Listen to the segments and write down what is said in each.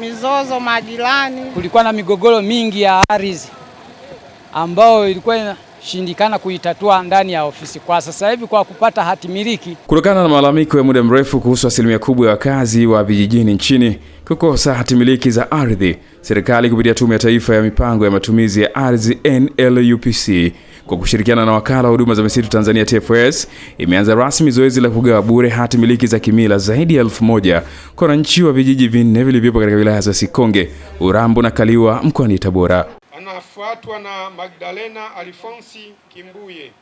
mizozo majirani. Kulikuwa na migogoro mingi ya ardhi ambayo ilikuwa ina shindikana kuitatua ndani ya ofisi kwa sasa hivi kwa kupata hati miliki. Kutokana na malalamiko ya muda mrefu kuhusu asilimia kubwa ya wakazi wa vijijini nchini kukosa hati miliki za ardhi, serikali kupitia Tume ya Taifa ya Mipango ya Matumizi ya Ardhi NLUPC kwa kushirikiana na wakala wa huduma za misitu Tanzania TFS imeanza rasmi zoezi la kugawa bure hati miliki za kimila zaidi ya elfu moja kwa wananchi wa vijiji vinne vilivyopo katika wilaya za Sikonge, Urambo na Kaliwa mkoani Tabora. Anafuatwa na Magdalena Alfonsi Kimbuye.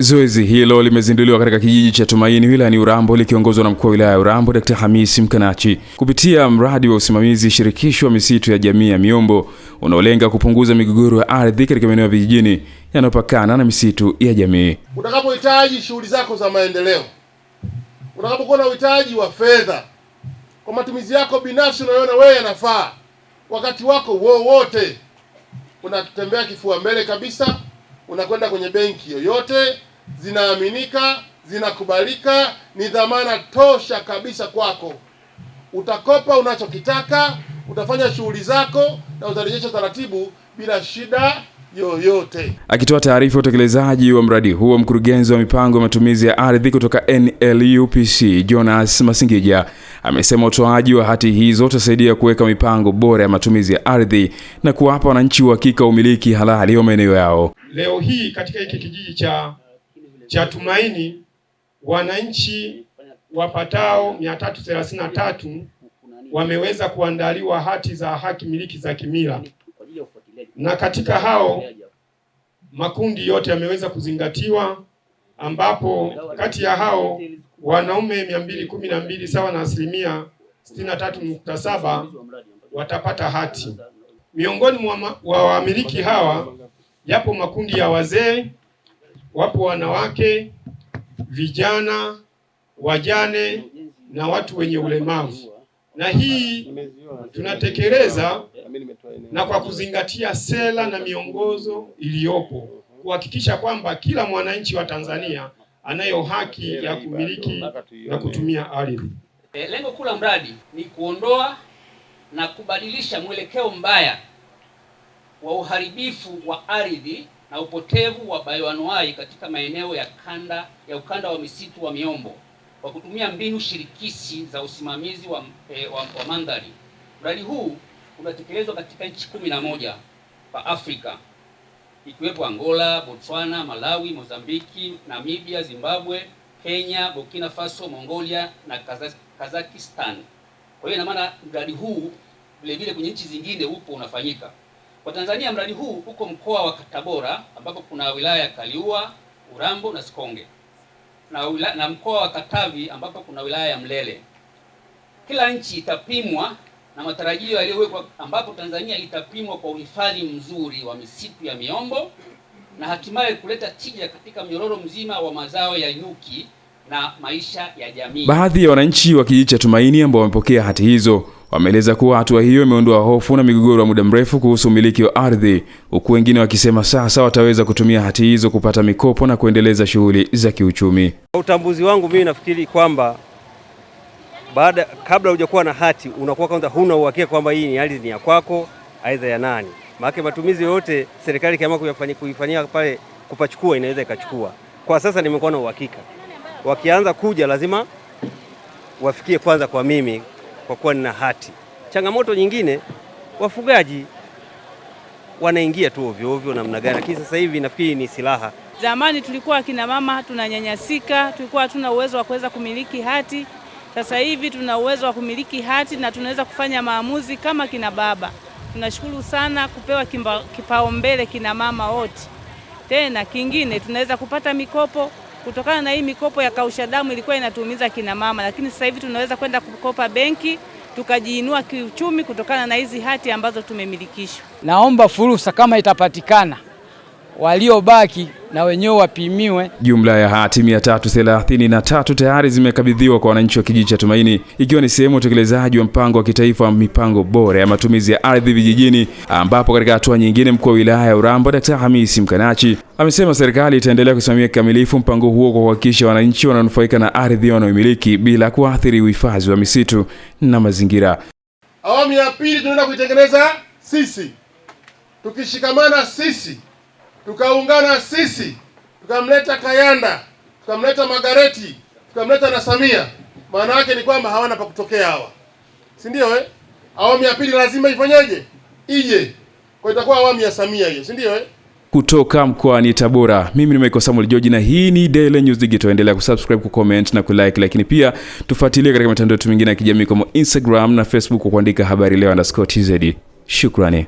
Zoezi hilo limezinduliwa katika kijiji cha Tumaini wilayani Urambo likiongozwa na mkuu wa wilaya ya Urambo Dkt. Hamisi Mkanachi kupitia mradi wa usimamizi shirikishi wa misitu ya jamii ya miombo unaolenga kupunguza migogoro ya ardhi katika maeneo ya vijijini yanayopakana na misitu ya jamii. Utakapohitaji shughuli zako za maendeleo, utakapokuwa na uhitaji wa fedha kwa matumizi yako binafsi, unayoona wewe yanafaa, wakati wako wowote, unatembea kifua mbele kabisa, unakwenda kwenye benki yoyote zinaaminika, zinakubalika, ni dhamana tosha kabisa kwako. Utakopa unachokitaka, utafanya shughuli zako na utarejesha taratibu bila shida yoyote. Akitoa taarifa ya utekelezaji wa mradi huo, mkurugenzi wa mipango ya matumizi ya ardhi kutoka NLUPC Jonas Masingija amesema utoaji wa hati hizo utasaidia kuweka mipango bora ya matumizi ya ardhi na kuwapa wananchi uhakika wa umiliki halali wa maeneo yao. Leo hii katika hiki kijiji cha cha Tumaini wananchi wapatao mia tatu thelathini na tatu wameweza kuandaliwa hati za haki miliki za kimila, na katika hao makundi yote yameweza kuzingatiwa, ambapo kati ya hao wanaume mia mbili kumi na mbili sawa na asilimia sitini na tatu nukta saba watapata hati. Miongoni mwa wamiliki hawa yapo makundi ya wazee wapo wanawake, vijana, wajane na watu wenye ulemavu, na hii tunatekeleza na kwa kuzingatia sera na miongozo iliyopo kuhakikisha kwamba kila mwananchi wa Tanzania anayo haki ya kumiliki na kutumia ardhi. Eh, lengo kuu la mradi ni kuondoa na kubadilisha mwelekeo mbaya wa uharibifu wa ardhi na upotevu wa bayoanuai katika maeneo ya kanda ya ukanda wa misitu wa miombo kwa kutumia mbinu shirikishi za usimamizi wa, eh, wa, wa mandhari. Mradi huu unatekelezwa katika nchi kumi na moja pa Afrika ikiwepo Angola, Botswana, Malawi, Mozambiki, Namibia, Zimbabwe, Kenya, Burkina Faso, Mongolia na Kazakhstan. Kwa hiyo ina maana mradi huu vilevile kwenye nchi zingine upo unafanyika. Kwa Tanzania mradi huu uko mkoa wa Tabora ambapo kuna wilaya ya Kaliua, Urambo na Sikonge na, na mkoa wa Katavi ambapo kuna wilaya ya Mlele. Kila nchi itapimwa na matarajio yaliyowekwa, ambapo Tanzania itapimwa kwa uhifadhi mzuri wa misitu ya miombo na hatimaye kuleta tija katika mnyororo mzima wa mazao ya nyuki na maisha ya jamii. Baadhi ya wananchi wa kijiji cha Tumaini ambao wamepokea hati hizo Wameeleza kuwa hatua hiyo imeondoa hofu na migogoro ya muda mrefu kuhusu umiliki wa ardhi, huku wengine wakisema sasa wataweza kutumia hati hizo kupata mikopo na kuendeleza shughuli za kiuchumi. Utambuzi wangu mimi nafikiri kwamba baada, kabla hujakuwa na hati unakuwa kwanza huna uhakika kwamba hii ni ardhi ni ya kwako aidha ya nani, maana matumizi yoyote serikali ikiamua kuifanyia pale kupachukua inaweza ikachukua. Kwa sasa nimekuwa na uhakika, wakianza kuja lazima wafikie kwanza kwa mimi kwa kuwa nina hati. Changamoto nyingine wafugaji wanaingia tu ovyo ovyo namna gani, lakini sasa hivi nafikiri ni silaha. Zamani tulikuwa akina mama tunanyanyasika, tulikuwa hatuna uwezo wa kuweza kumiliki hati. Sasa hivi tuna uwezo wa kumiliki hati na tunaweza kufanya maamuzi kama kina baba. Tunashukuru sana kupewa kipaumbele kina mama wote. Tena kingine tunaweza kupata mikopo Kutokana na hii mikopo ya kausha damu ilikuwa inatuumiza kina mama, lakini sasa hivi tunaweza kwenda kukopa benki tukajiinua kiuchumi kutokana na hizi hati ambazo tumemilikishwa. Naomba fursa kama itapatikana waliobaki na wenyewe wapimiwe. Jumla ya hati na tatu tayari zimekabidhiwa kwa wananchi wa kijiji cha Tumaini, ikiwa ni sehemu ya utekelezaji wa mpango wa kitaifa wa mipango bora ya matumizi ya ardhi vijijini, ambapo katika hatua nyingine, mkuu wa wilaya ya Urambo Daktari Hamisi Mkanachi amesema serikali itaendelea kusimamia kikamilifu mpango huo kwa kuhakikisha wananchi wananufaika na ardhi wanaomiliki bila kuathiri uhifadhi wa misitu na mazingira. Awamu ya pili tunaenda kuitengeneza sisi, tukishikamana sisi tukaungana sisi tukamleta Kayanda tukamleta Magareti tukamleta na Samia, maana yake ni kwamba hawana pa kutokea hawa, si ndio eh? Awamu ya pili lazima ifanyeje? Ije kwa, itakuwa awamu ya Samia hiyo, si ndio eh? Kutoka mkoani Tabora, mimi ni Michael Samuel George na hii ni Daily News Digital. Endelea kusubscribe, kucomment na kulike, lakini pia tufuatilie katika mitandao yetu mingine ya kijamii kama Instagram na Facebook kwa kuandika habari leo underscore tz. Shukrani.